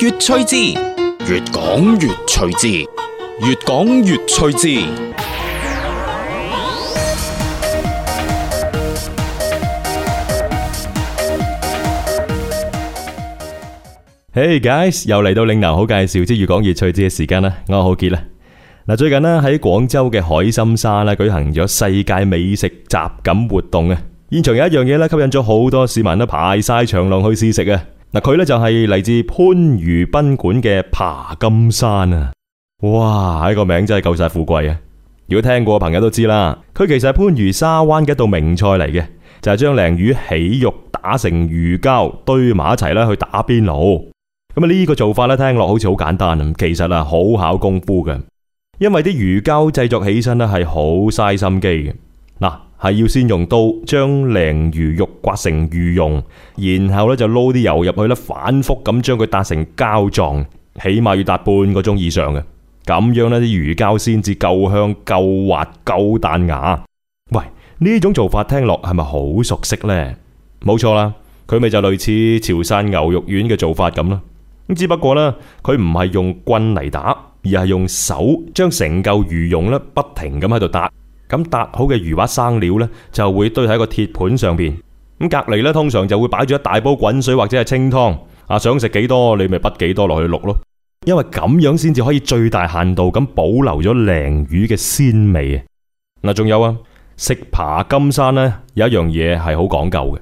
越趣致，越講越趣致，越講越趣致。Hey guys，又嚟到嶺南好介紹之越講越趣致嘅時間啦！我係浩杰啦。嗱，最近呢，喺廣州嘅海心沙呢舉行咗世界美食集錦活動啊！現場有一樣嘢呢吸引咗好多市民都排晒長龍去試食啊！嗱，佢呢就係嚟自番禺賓館嘅爬金山啊！哇，呢個名真係夠晒富貴啊！如果聽過嘅朋友都知啦，佢其實係番禺沙灣嘅一道名菜嚟嘅，就係將鯪魚起肉打成魚膠堆埋一齊啦去打邊爐。咁啊呢個做法咧聽落好似好簡單，其實啊好考功夫嘅，因為啲魚膠製作起身咧係好嘥心機嘅嗱。係要先用刀將鯪魚肉刮成魚蓉，然後咧就撈啲油入去咧，反覆咁將佢打成膠狀，起碼要打半個鐘以上嘅。咁樣呢啲魚膠先至夠香、夠滑、夠彈牙。喂，呢種做法聽落係咪好熟悉呢？冇錯啦，佢咪就類似潮汕牛肉丸嘅做法咁囉。咁只不過呢，佢唔係用棍嚟打，而係用手將成嚿魚蓉咧不停咁喺度打。咁搭好嘅魚滑生料呢，就會堆喺個鐵盤上邊。咁隔籬呢，通常就會擺住一大煲滾水或者係清湯。啊，想食幾多，你咪滗幾多落去渌咯。因為咁樣先至可以最大限度咁保留咗鯪魚嘅鮮味啊。嗱，仲有啊，食扒金山呢，有一樣嘢係好講究嘅，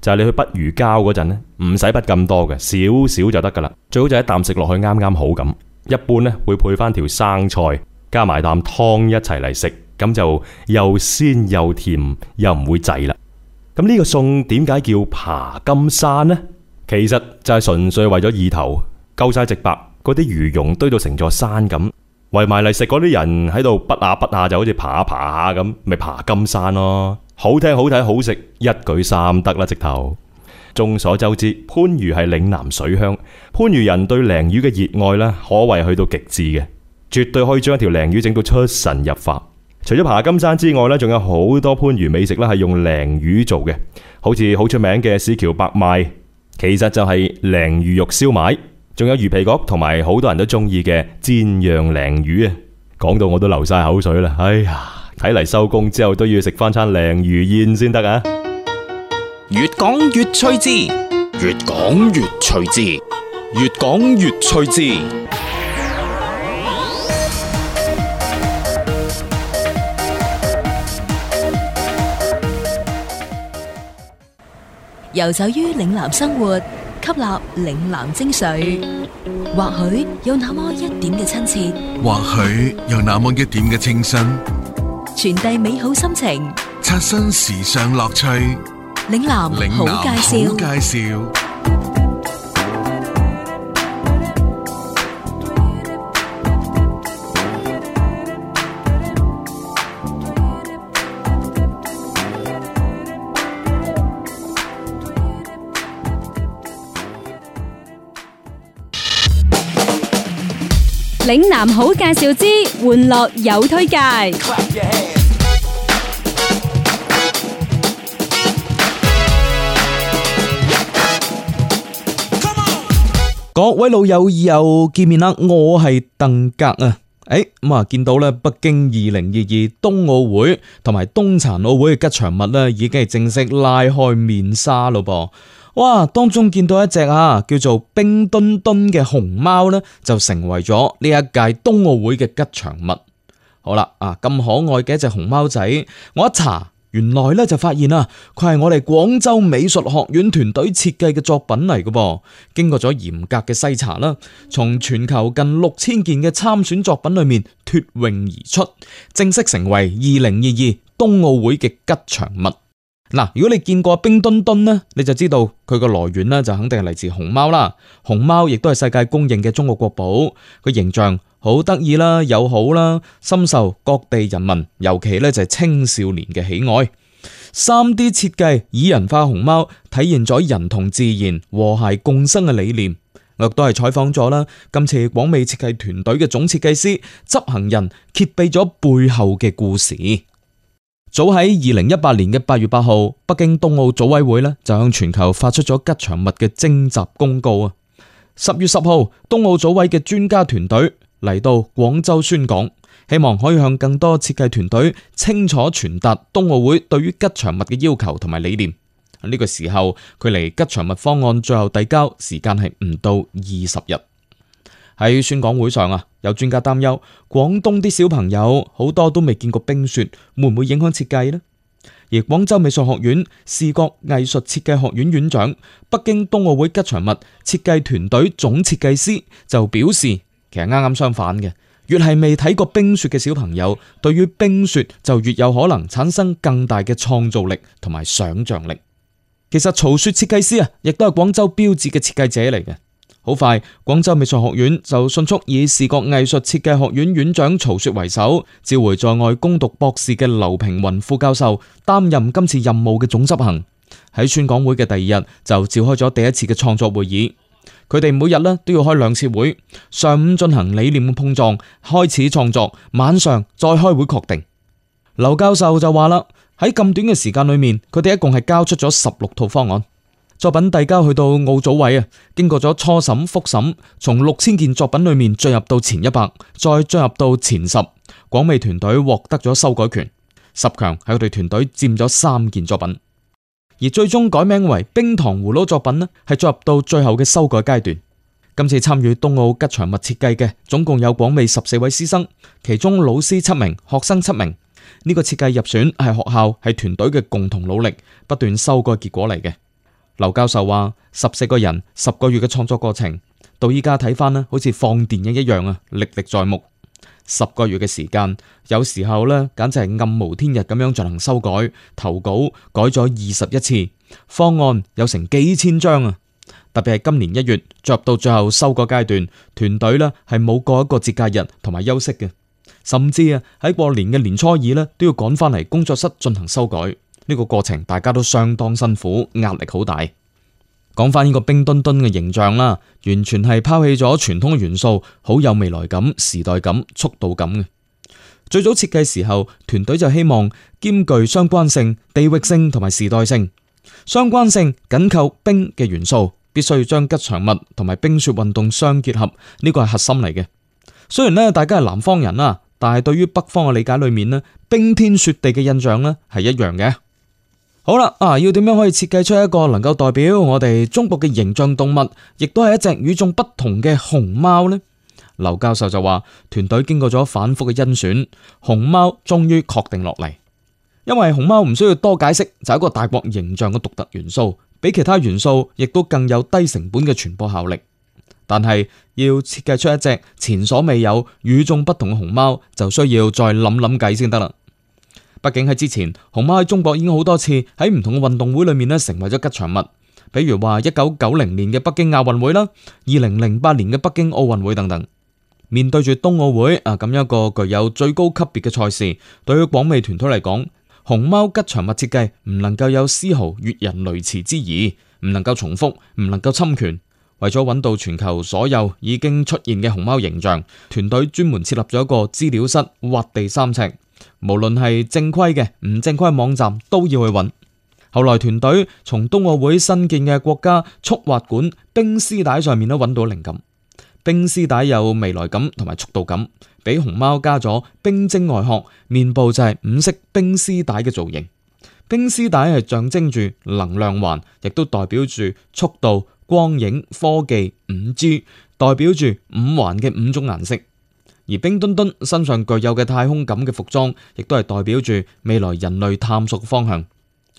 就係你去滗魚膠嗰陣呢，唔使滗咁多嘅，少少就得噶啦。最好就一啖食落去啱啱好咁。一般呢會配翻條生菜，加埋啖湯一齊嚟食。咁就又鮮又甜，又唔會滯啦。咁呢個餸點解叫爬金山呢？其實就係純粹為咗意頭，夠晒直白。嗰啲魚蓉堆到成座山咁，圍埋嚟食嗰啲人喺度，畢下畢下就好似爬下、啊、爬下、啊、咁，咪爬金山咯。好聽好睇好食，一舉三得啦！直頭，眾所周知，番禺係嶺南水鄉，番禺人對鯪魚嘅熱愛呢，可謂去到極致嘅，絕對可以將一條鯪魚整到出神入化。除咗爬金山之外咧，仲有好多番禺美食啦，係用鯪魚做嘅，好似好出名嘅市橋白賣，其實就係鯪魚肉燒賣，仲有魚皮角，同埋好多人都中意嘅煎釀鯪魚啊！講到我都流晒口水啦，哎呀，睇嚟收工之後都要食翻餐鯪魚宴先得啊！越講越趣致，越講越趣致，越講越趣致。游走於嶺南生活，吸納嶺南精髓，或許有那麼一點嘅親切，或許有那麼一點嘅清新，傳遞美好心情，刷新時尚樂趣。嶺南好介紹。嶺南好介紹之，玩樂有推介。各位老友又見面啦，我係鄧格啊！誒，咁啊，見到咧，北京二零二二冬奧會同埋冬殘奧會嘅吉祥物咧，已經係正式拉開面紗咯噃。哇，當中見到一隻啊，叫做冰墩墩嘅熊貓呢，就成為咗呢一屆冬奧會嘅吉祥物。好啦，啊咁可愛嘅一隻熊貓仔，我一查，原來呢就發現啊，佢係我哋廣州美術學院團隊設計嘅作品嚟噶噃，經過咗嚴格嘅篩查啦，從全球近六千件嘅參選作品裏面脫穎而出，正式成為二零二二冬奧會嘅吉祥物。嗱，如果你見過冰墩墩呢，你就知道佢個來源呢，就肯定係嚟自熊貓啦。熊貓亦都係世界公認嘅中國國寶，佢形象好得意啦，友好啦，深受各地人民，尤其呢就係青少年嘅喜愛。3D 設計，擬人化熊貓，體現咗人同自然和諧共生嘅理念。我亦都係採訪咗啦，今次廣美設計團隊嘅總設計師、執行人揭秘咗背後嘅故事。早喺二零一八年嘅八月八號，北京冬奧組委會呢就向全球發出咗吉祥物嘅徵集公告啊。十月十號，冬奧組委嘅專家團隊嚟到廣州宣講，希望可以向更多設計團隊清楚傳達冬奧會對於吉祥物嘅要求同埋理念。呢個時候，距離吉祥物方案最後遞交時間係唔到二十日。喺宣講會上啊，有專家擔憂廣東啲小朋友好多都未見過冰雪，會唔會影響設計呢？而廣州美術學院視覺藝術設計學院院長、北京冬奧會吉祥物設計團隊總設計師就表示，其實啱啱相反嘅，越係未睇過冰雪嘅小朋友，對於冰雪就越有可能產生更大嘅創造力同埋想象力。其實曹雪設計師啊，亦都係廣州標誌嘅設計者嚟嘅。好快，廣州美術學院就迅速以視覺藝術設計學院院長曹雪為首，召回在外攻讀博士嘅劉平雲副教授，擔任今次任務嘅總執行。喺宣講會嘅第二日，就召開咗第一次嘅創作會議。佢哋每日咧都要開兩次會，上午進行理念嘅碰撞，開始創作，晚上再開會確定。劉教授就話啦，喺咁短嘅時間裏面，佢哋一共係交出咗十六套方案。作品遞交去到奧組委啊，經過咗初審、複審，從六千件作品裏面進入到前一百，再進入到前十。廣美團隊獲得咗修改權，十強喺我哋團隊佔咗三件作品，而最終改名為冰糖葫蘆作品呢，係進入到最後嘅修改階段。今次參與冬奧吉祥物設計嘅總共有廣美十四位師生，其中老師七名，學生七名。呢個設計入選係學校係團隊嘅共同努力，不斷修改結果嚟嘅。劉教授話：十四個人十個月嘅創作過程，到依家睇翻咧，好似放電影一樣啊，歷歷在目。十個月嘅時間，有時候咧，簡直係暗無天日咁樣進行修改、投稿，改咗二十一次方案，有成幾千張啊！特別係今年一月，着到最後修改階段，團隊咧係冇過一個節假日同埋休息嘅，甚至啊喺過年嘅年初二咧都要趕翻嚟工作室進行修改。呢個過程大家都相當辛苦，壓力好大。講翻呢個冰墩墩嘅形象啦，完全係拋棄咗傳統元素，好有未來感、時代感、速度感嘅。最早設計時候，團隊就希望兼具相關性、地域性同埋時代性。相關性緊扣冰嘅元素，必須要將吉祥物同埋冰雪運動相結合。呢個係核心嚟嘅。雖然呢，大家係南方人啦，但係對於北方嘅理解裏面咧，冰天雪地嘅印象呢，係一樣嘅。好啦，啊，要點樣可以設計出一個能夠代表我哋中國嘅形象動物，亦都係一隻與眾不同嘅熊貓呢？劉教授就話，團隊經過咗反覆嘅甄選，熊貓終於確定落嚟，因為熊貓唔需要多解釋，就係一個大國形象嘅獨特元素，比其他元素亦都更有低成本嘅傳播效力。但係要設計出一隻前所未有、與眾不同嘅熊貓，就需要再諗諗計先得啦。畢竟喺之前，熊貓喺中國已經好多次喺唔同嘅運動會裏面咧成為咗吉祥物，比如話一九九零年嘅北京亞運會啦，二零零八年嘅北京奧運會等等。面對住冬奧會啊咁一個具有最高級別嘅賽事，對於廣美團隊嚟講，熊貓吉祥物設計唔能夠有絲毫越人雷池之疑，唔能夠重複，唔能夠侵權。為咗揾到全球所有已經出現嘅熊貓形象，團隊專門設立咗一個資料室，挖地三尺。無論係正規嘅唔正規網站都要去揾。後來團隊從冬奧會新建嘅國家速滑館冰絲帶上面都揾到靈感。冰絲帶有未來感同埋速度感，俾熊貓加咗冰晶外殼，面部就係五色冰絲帶嘅造型。冰絲帶係象徵住能量環，亦都代表住速度、光影、科技、5G，代表住五環嘅五種顏色。而冰墩墩身上具有嘅太空感嘅服裝，亦都係代表住未來人類探索嘅方向。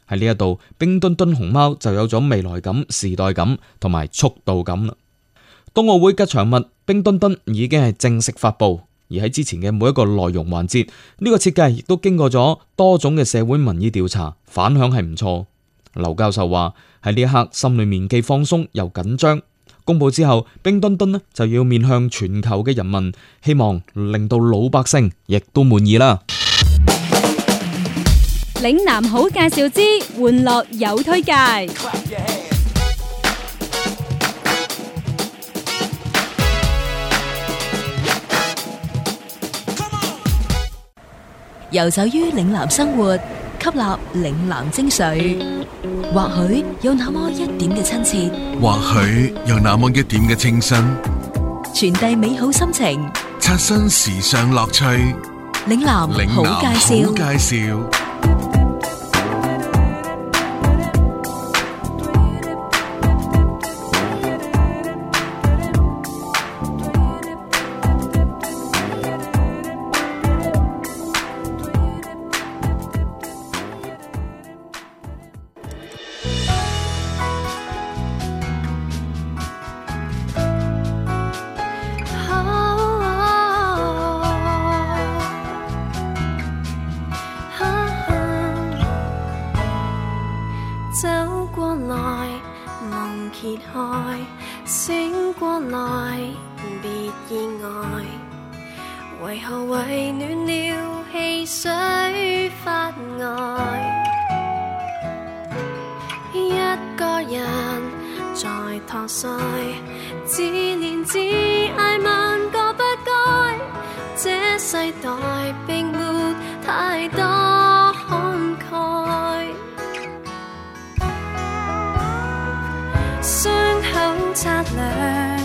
喺呢一度，冰墩墩熊貓就有咗未來感、時代感同埋速度感。冬奧會吉祥物冰墩墩已經係正式發布，而喺之前嘅每一個內容環節，呢個設計亦都經過咗多種嘅社會民意調查，反響係唔錯。劉教授話：喺呢一刻，心裏面既放鬆又緊張。公布之後，冰墩墩呢就要面向全球嘅人民，希望令到老百姓亦都滿意啦。嶺南好介紹之，玩樂有推介，遊走於嶺南生活。吸納嶺南精髓，或許有那麼一點嘅親切，或許有那麼一點嘅清新，傳遞美好心情，刷新時尚樂趣。嶺南，好介紹，好介紹。為何為暖了汽水發呆？一個人在托腮，自憐自艾萬個不該。這世代並沒太多慷慨，傷 口擦亮，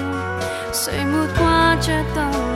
誰沒掛着刀？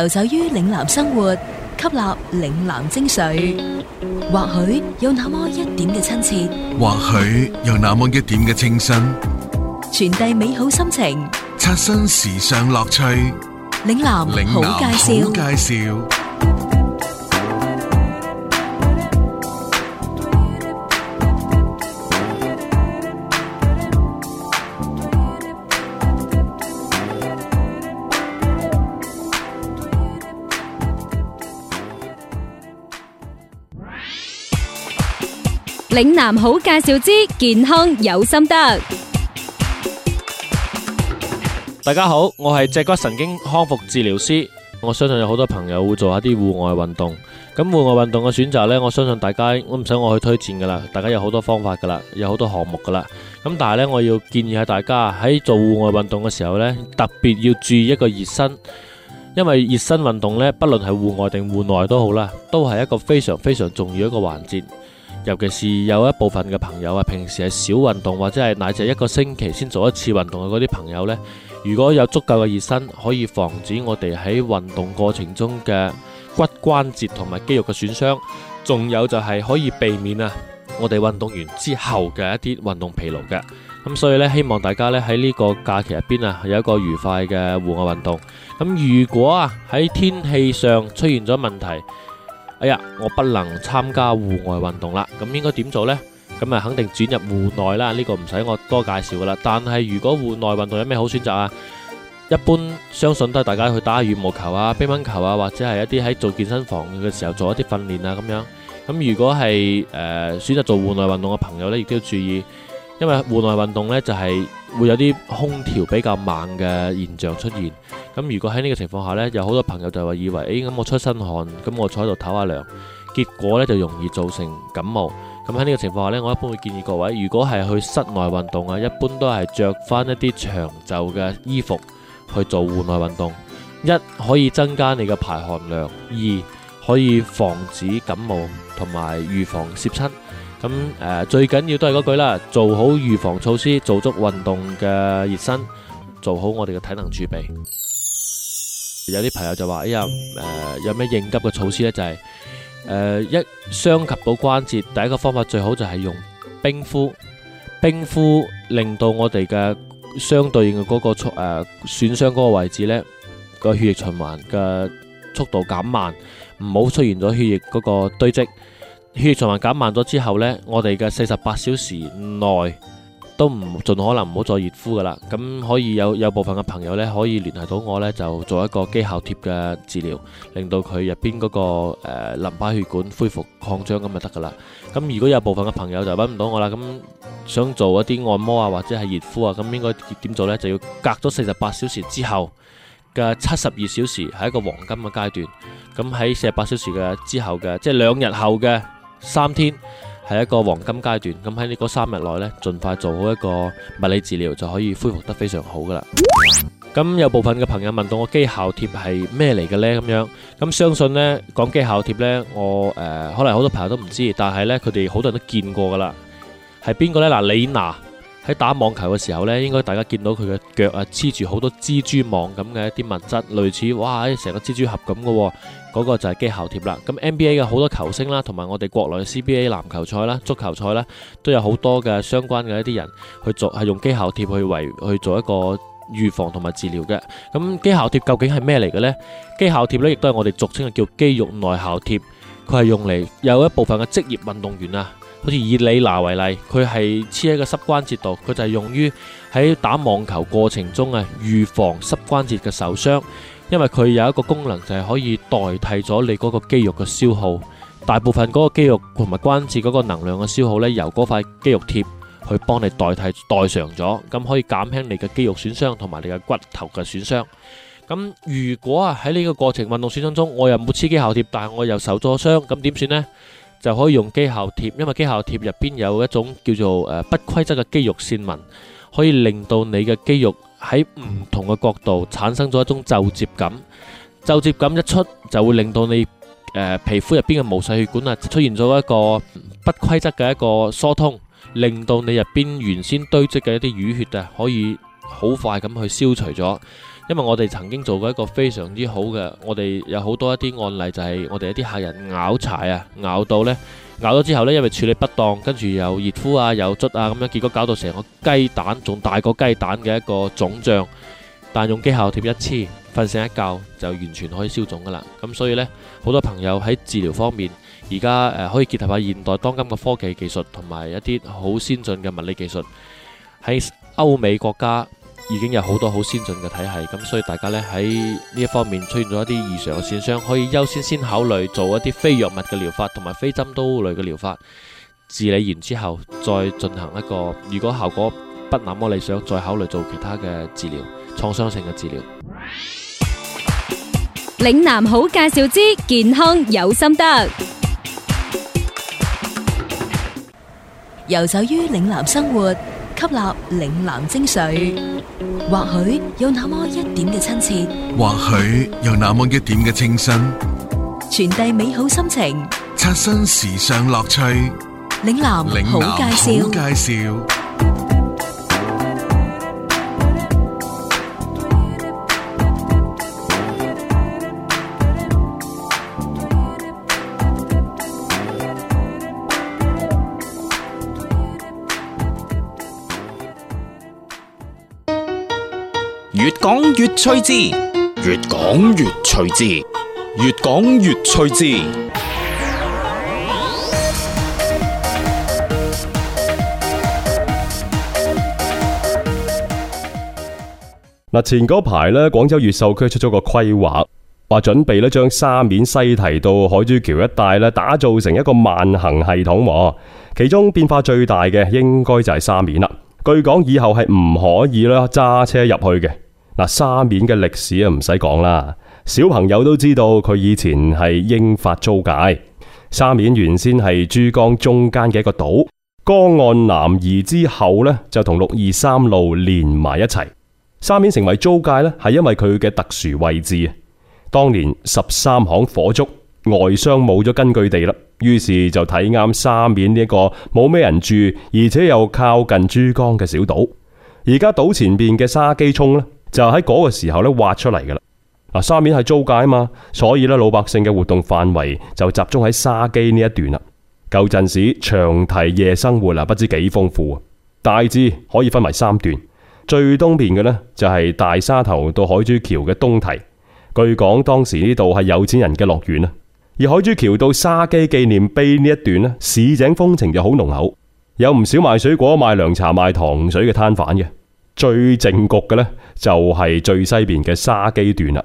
遊走於嶺南生活，吸納嶺南精髓，或許有那麼一點嘅親切，或許有那麼一點嘅清新，傳遞美好心情，刷新時尚樂趣。嶺南好介紹。嶺南好介紹之健康有心得。大家好，我係脊骨神經康復治療師。我相信有好多朋友會做一啲戶外運動。咁戶外運動嘅選擇呢，我相信大家我唔想我去推薦噶啦。大家有好多方法噶啦，有好多項目噶啦。咁但係呢，我要建議下大家喺做戶外運動嘅時候呢，特別要注意一個熱身，因為熱身運動呢，不論係戶外定戶內都好啦，都係一個非常非常重要一個環節。尤其是有一部分嘅朋友啊，平時係少運動或者係乃至一個星期先做一次運動嘅嗰啲朋友咧，如果有足夠嘅熱身，可以防止我哋喺運動過程中嘅骨關節同埋肌肉嘅損傷，仲有就係可以避免啊我哋運動完之後嘅一啲運動疲勞嘅。咁所以咧，希望大家咧喺呢個假期入邊啊，有一個愉快嘅戶外運動。咁如果啊喺天氣上出現咗問題。哎呀，我不能參加戶外運動啦，咁應該點做呢？咁啊，肯定轉入戶內啦，呢、這個唔使我多介紹噶啦。但係如果戶外運動有咩好選擇啊？一般相信都係大家去打下羽毛球啊、乒乓球啊，或者係一啲喺做健身房嘅時候做一啲訓練啊咁樣。咁如果係誒、呃、選擇做戶外運動嘅朋友呢，亦都要注意。因為戶外運動呢，就係會有啲空調比較猛嘅現象出現，咁如果喺呢個情況下呢，有好多朋友就話以為，誒、哎、咁我出身汗，咁我坐喺度唞下涼，結果呢就容易造成感冒。咁喺呢個情況下呢，我一般會建議各位，如果係去室內運動啊，一般都係着翻一啲長袖嘅衣服去做戶外運動，一可以增加你嘅排汗量，二可以防止感冒同埋預防攝親。咁誒，最緊要都係嗰句啦，做好預防措施，做足運動嘅熱身，做好我哋嘅體能儲備。 有啲朋友就話：，哎呀，誒、呃，有咩應急嘅措施呢？就係、是、誒、呃，一傷及到關節，第一個方法最好就係用冰敷。冰敷令到我哋嘅相對應嘅嗰個誒、呃、損傷嗰個位置呢，個血液循環嘅速度減慢，唔好出現咗血液嗰個堆積。血循環減慢咗之後呢，我哋嘅四十八小時內都唔盡可能唔好再熱敷噶啦。咁可以有有部分嘅朋友呢，可以聯繫到我呢，就做一個機械貼嘅治療，令到佢入邊嗰個、呃、淋巴血管恢復擴張咁就得噶啦。咁如果有部分嘅朋友就揾唔到我啦，咁想做一啲按摩啊，或者係熱敷啊，咁應該點做呢？就要隔咗四十八小時之後嘅七十二小時係一個黃金嘅階段。咁喺四十八小時嘅之後嘅，即係兩日後嘅。三天係一個黃金階段，咁喺呢嗰三日內呢，盡快做好一個物理治療，就可以恢復得非常好噶啦。咁 有部分嘅朋友問到我肌效貼係咩嚟嘅呢？咁樣，咁相信呢講肌效貼呢，我誒、呃、可能好多朋友都唔知，但係呢，佢哋好多人都見過噶啦，係邊個呢？嗱、呃，李娜。喺打網球嘅時候呢，應該大家見到佢嘅腳啊，黐住好多蜘蛛網咁嘅一啲物質，類似哇，成個蜘蛛俠咁嘅。嗰個就係肌效貼啦。咁 NBA 嘅好多球星啦，同埋我哋國內嘅 CBA 籃球賽啦、足球賽啦，都有好多嘅相關嘅一啲人去做，係用肌效貼去圍去做一個預防同埋治療嘅。咁肌效貼究竟係咩嚟嘅呢？肌效貼呢，亦都係我哋俗稱嘅叫肌肉內效貼，佢係用嚟有一部分嘅職業運動員啊。好似以李娜為例，佢係黐喺個膝關節度，佢就係用於喺打網球過程中啊預防膝關節嘅受傷，因為佢有一個功能就係可以代替咗你嗰個肌肉嘅消耗，大部分嗰個肌肉同埋關節嗰個能量嘅消耗呢，由嗰塊肌肉貼去幫你代替代償咗，咁可以減輕你嘅肌肉損傷同埋你嘅骨頭嘅損傷。咁如果啊喺呢個過程運動損傷中，我又冇黐肌效貼，但係我又受咗傷，咁點算呢？就可以用肌效貼，因為肌效貼入邊有一種叫做誒、呃、不規則嘅肌肉線紋，可以令到你嘅肌肉喺唔同嘅角度產生咗一種皺摺感。皺摺感一出，就會令到你誒、呃、皮膚入邊嘅毛細血管啊出現咗一個不規則嘅一個疏通，令到你入邊原先堆積嘅一啲淤血啊可以好快咁去消除咗。因為我哋曾經做過一個非常之好嘅，我哋有好多一啲案例就係我哋一啲客人拗柴啊，拗到呢，拗咗之後呢，因為處理不當，跟住又熱敷啊，又捽啊，咁樣結果搞到成個雞蛋仲大過雞蛋嘅一個腫脹，但用肌效貼一貼，瞓醒一覺就完全可以消腫噶啦。咁所以呢，好多朋友喺治療方面而家誒可以結合下現代當今嘅科技技術同埋一啲好先進嘅物理技術，喺歐美國家。已經有好多好先進嘅體系，咁所以大家呢，喺呢一方面出現咗一啲異常嘅損傷，可以優先先考慮做一啲非藥物嘅療法同埋非針刀類嘅療法，治理完之後再進行一個，如果效果不那麼理想，再考慮做其他嘅治療，創傷性嘅治療。嶺南好介紹之健康有心得，游走於嶺南生活。吸納嶺南精髓，或許有那麼一點嘅親切，或許有那麼一點嘅清新，傳遞美好心情，刷新時尚樂趣。嶺南好介紹，好介紹。越趣字，越講越趣字，越講越趣字。嗱，前嗰排呢，廣州越秀區出咗個規劃，話準備咧將沙面西堤到海珠橋一帶咧打造成一個慢行系統。其中變化最大嘅應該就係沙面啦。據講以後係唔可以咧揸車入去嘅。嗱，沙面嘅歷史啊，唔使講啦。小朋友都知道佢以前係英法租界。沙面原先係珠江中間嘅一個島，江岸南移之後呢，就同六二三路連埋一齊。沙面成為租界呢，係因為佢嘅特殊位置。當年十三行火燭，外商冇咗根據地啦，於是就睇啱沙面呢一個冇咩人住，而且又靠近珠江嘅小島。而家島前邊嘅沙基涌呢，就喺嗰個時候咧劃出嚟噶啦，嗱，沙面係租界啊嘛，所以咧老百姓嘅活動範圍就集中喺沙基呢一段啦。舊陣時長堤夜生活啊，不知幾豐富啊！大致可以分為三段，最東邊嘅呢，就係大沙頭到海珠橋嘅東堤，據講當時呢度係有錢人嘅樂園啦。而海珠橋到沙基紀念碑呢一段呢，市井風情又好濃厚，有唔少賣水果、賣涼茶、賣糖水嘅攤販嘅。最正局嘅呢，就係最西邊嘅沙基段啦。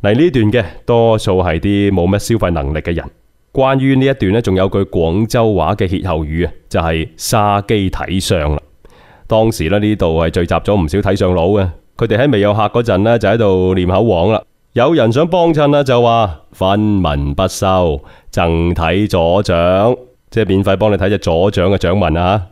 嚟呢段嘅多數係啲冇乜消費能力嘅人。關於呢一段呢，仲有句廣州話嘅歇後語啊，就係沙基睇相啦。當時咧呢度係聚集咗唔少睇相佬嘅，佢哋喺未有客嗰陣呢，就喺度念口簧啦。有人想幫襯啦，就話分文不收，贈睇左掌，即係免費幫你睇隻左掌嘅掌紋啊。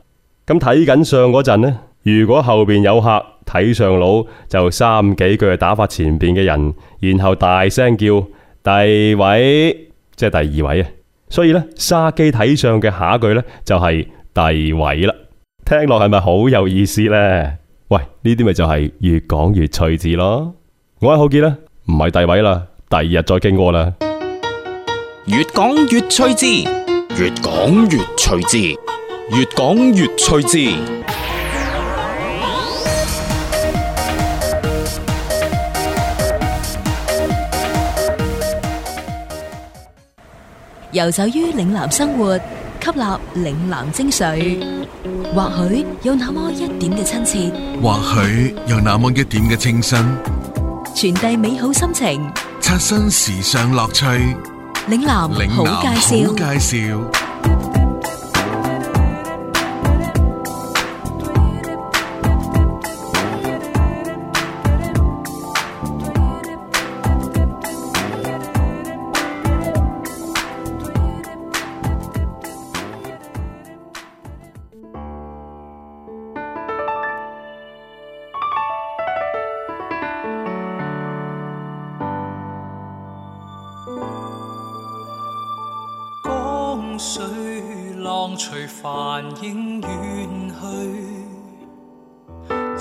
咁睇緊相嗰陣呢。如果後邊有客睇上佬，就三幾句打發前邊嘅人，然後大聲叫第位，即係、就是、第二位啊！所以呢，沙基睇上嘅下一句呢、就是，就係第位啦。聽落係咪好有意思呢？喂，呢啲咪就係越講越趣致咯。我係浩杰啦，唔係第位啦，第二日再傾過啦。越講越趣致，越講越趣致，越講越趣致。游走於嶺南生活，吸納嶺南精髓，或許有那麼一點嘅親切，或許有那麼一點嘅清新，傳遞美好心情，刷新時尚樂趣。嶺南好介紹，嶺南好介紹。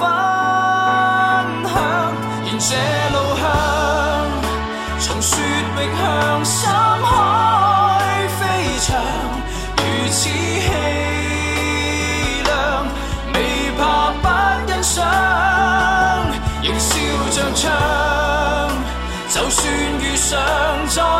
分享，沿這路向，從雪域向深海飛翔，如此氣量，未怕不欣賞，仍笑着唱，就算遇上。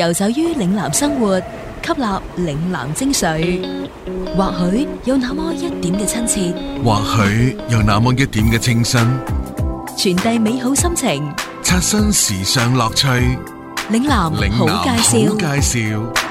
遊走於嶺南生活，吸納嶺南精髓，或許有那麼一點嘅親切，或許有那麼一點嘅清新，傳遞美好心情，刷新時尚樂趣。嶺南好介紹，好介紹。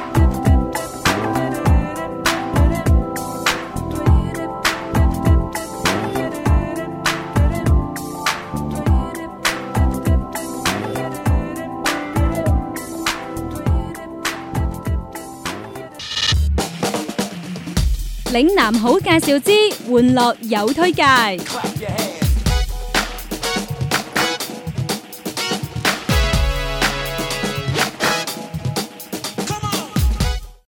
嶺南好介紹之，玩樂有推介。